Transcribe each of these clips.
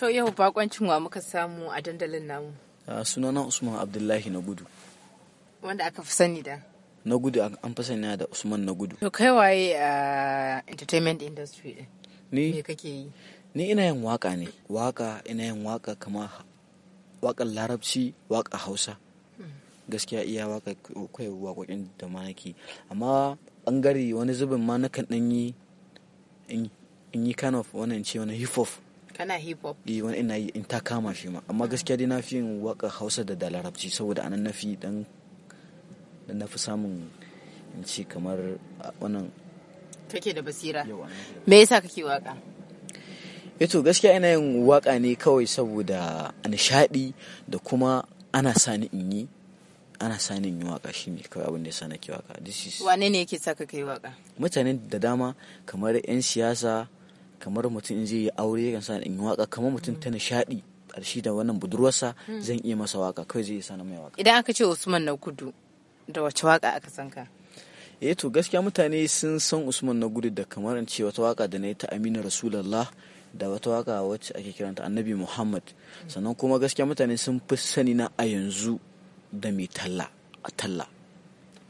To yau bakoncin wa muka samu a dandalin namu. sunana Usman Abdullahi na gudu. Wanda aka fi sani da? Na gudu an fi sani da Usman na gudu. To kai waye a entertainment industry din? Ni? Me kake yi? Ni ina yin waka ne. Waka ina yin waka kama wakan larabci waka hausa. Gaskiya iya waka kai wakokin da ma nake. Amma bangare wani zubin ma nakan dan yi in yi kind of wannan ce wani hip hop. kana hip hop eh wani ina yi in ta kama shi ma amma gaskiya dai na fi yin waka hausa da da larabci saboda anan na fi dan dan na fi samun in ce kamar wannan kake da basira me yasa kake waka yato eh gaskiya ina yin waka ne kawai saboda nishadi da kuma ana sani in yi ana sani in yi waka shi ne kawai abin da yasa nake waka this is wane ne yake saka kai waka mutanen da dama kamar 'yan siyasa kamar mutum in zai yi aure kan sa in yi waka kamar mutum ta nishaɗi ƙarshe da wannan budurwarsa hmm. zan iya masa waka kawai zai sa na mai waka idan aka ce Usman na gudu da wace waka aka san ka eh to gaskiya mutane sun san Usman na gudu da kamar in ce wata waka da na yi ta Aminu Rasulullah da wata waka wacce ake kiranta Annabi Muhammad sannan kuma gaskiya mutane sun fi sani na a yanzu da mai talla a talla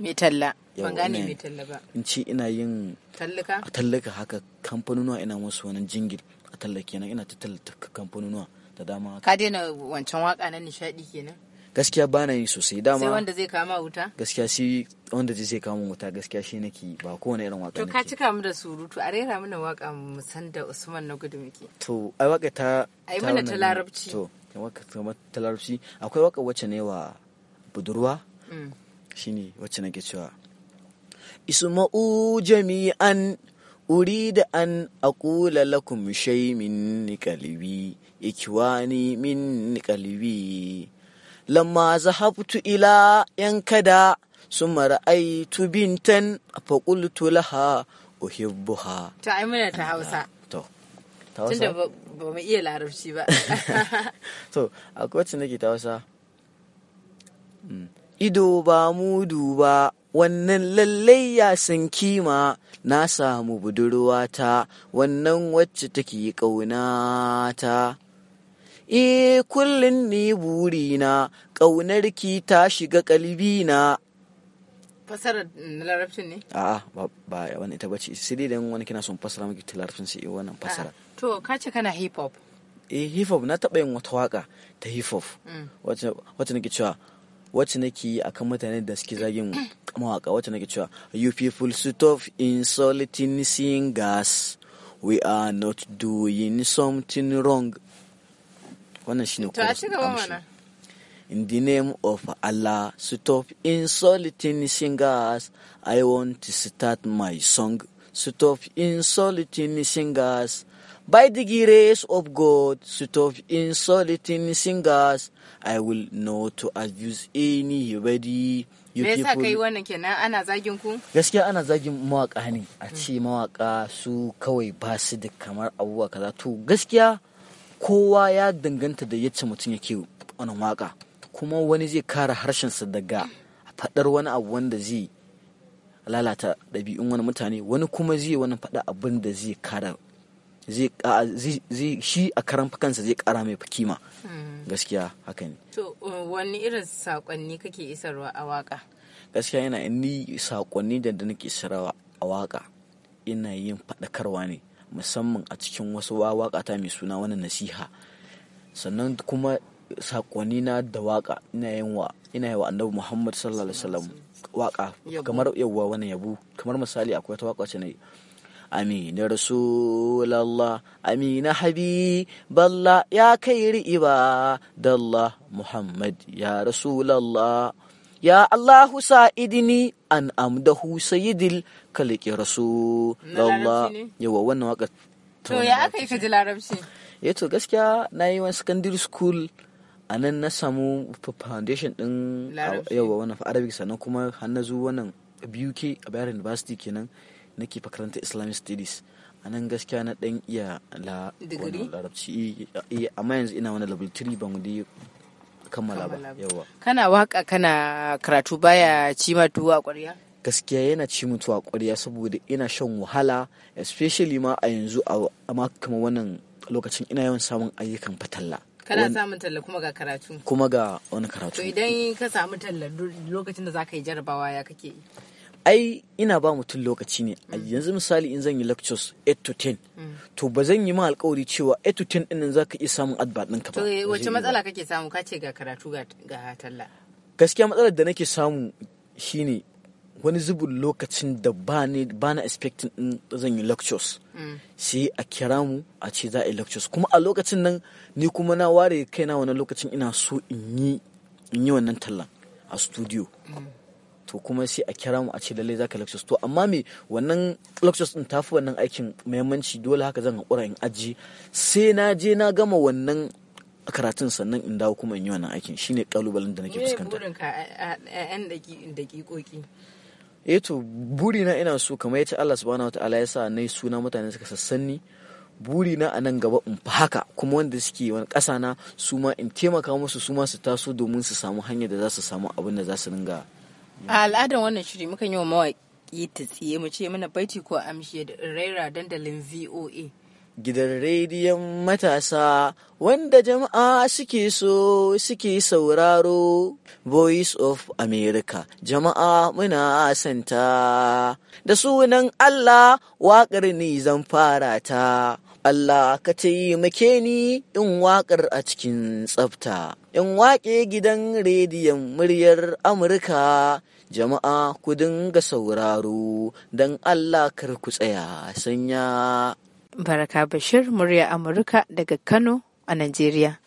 mai talla ban gane mai talla ba in ci ina yin tallaka tallaka haka kamfanonuwa ina musu wani jingir a tallake nan ina ta tallata kamfanonuwa da dama ka daina wancan waka na nishadi kenan gaskiya ba na yi sosai dama sai wanda zai kama wuta gaskiya shi wanda zai kama wuta gaskiya shi nake ba kowane irin waka to ka cika mu da surutu a rera mana waka mu san da Usman na gudu muke to ai waka ta ai mana ta larabci to waka ta larabci akwai waka wacce ne wa budurwa mm. shine wacce nake cewa isma'u jami'an أريد أن أقول لكم شيء من قلبي إكواني من قلبي لما ذهبت إلى ينكدا ثم رأيت بنتا فقلت لها أحبها تعمل تهوسا tunda ba mu iya larabci ba to akwai wacce nake ta wasa ido ba mudu ba wannan lallai ya san kima na samu budurwata wannan wacce take ƙaunata. E kullum ni burina ƙaunarki ta shiga ƙalbina. na larabcin ne? A'a ba wani ita bace sai dai wani kina son fasara miki ta larabcin sai wannan fasara. To ka ce kana hip hop. Eh hip hop na taɓa yin wata waka ta hip hop. Mm. Wacce nake cewa wacce nake yi akan mutanen da suke zagin mawaka you people stop insulting singers we are not doing something wrong in the name of Allah stop insulting singers i want to start my song stop insulting singers by the grace of God, stop insulting singers. I will not abuse anybody. me ka kai wannan kenan ana zagin ku gaskiya ana zagin mawaka ne a ce mawaka su kawai ba su da kamar abubuwa kaza to gaskiya kowa ya danganta da yacce mutum yake wannan waka kuma wani zai kara harshen harshensa daga faɗar wani abu wanda zai lalata ɗabi'un wani mutane wani kuma zai wani faɗa abin da zai kara. shi a karan kansa zai kara mai kima hmm. gaskiya haka ne to uh, wani irin saƙonni kake isarwa a waka gaskiya yana ni saƙonni da da nake isarwa a waka ina yin faɗakarwa ne musamman a cikin wasu waka ta mai suna wani nasiha sannan kuma saƙonni na da waka ina yin wa ina yi wa annabi muhammad sallallahu alaihi wasallam waka kamar yawwa wani yabo kamar misali akwai ta waka ce ne amina rasulallah amina habiballa ya kai ri'iba dalla muhammad ya rasulallah ya allahu idini an amdahu sayyidil kaliki rasulallah yawa wannan waka to ya aka yi ka ji larabci ya eh to gaskiya na yi wani secondary school a nan na samu foundation din yawa wannan arabic sannan kuma hannazu wannan buk a bayar university kenan nake makarantar islamic studies a nan gaskiya na dan iya larabci amma yanzu ina wani level 3 ban da kammala ba yawa kana waka kana karatu baya ci ma tuwa kwarya gaskiya yana ci mutu a kwarya saboda ina shan wahala especially ma a yanzu a ma kama wannan lokacin ina yawan samun ayyukan fatalla kana samun talla kuma ga karatu kuma ga wani karatu to idan ka samu talla lokacin da zaka yi jarabawa ya kake yi ai ina ba mutum lokaci ne a yanzu misali in zan yi lectures 8 to 10 to ba zan yi ma alkawari cewa 8 to 10 dinnan zaka iya samun din ka ba to eh, wace matsala kake samu ka ce ga karatu ga talla gaskiya matsalar da nake samu shine wani zubin lokacin da ba na expecting din zan yi lectures mm. sai a kira mu a ce za a yi lectures kuma a lokacin nan ni kuma na ware kaina wannan lokacin ina so in yi wannan tallan a studio mm. to kuma sai a kira mu a ce lallai zaka lectures to amma me wannan lectures din tafi wannan aikin muhimmanci dole haka zan haƙura in aji sai na je na gama wannan karatun sannan in dawo kuma in yi wannan aikin shine kalubalen da nake fuskanta. ne burinka a 'yan eh to buri na ina so kamar yace Allah subhanahu wataala ya sa nayi suna mutane suka sassanni buri na a nan gaba in fi haka kuma wanda suke wani kasana na su ma in taimaka musu su ma su taso domin su samu hanyar da za su samu abin da za su ringa a al'adar wannan shiri muka yi wa mawaƙi ta tsiye mu ce mana baiti ko amshe da raira dandalin voa gidan rediyon matasa wanda jama'a suke so suke sauraro voice of america jama'a muna santa da sunan allah waƙar ni zan fara ta allah ka taimake ni in waƙar a cikin tsafta in waƙe gidan rediyon muryar Amurka jama'a ku dinga sauraro don Allah kar ku tsaya sanya. Baraka Bashir murya Amurka daga Kano a Najeriya.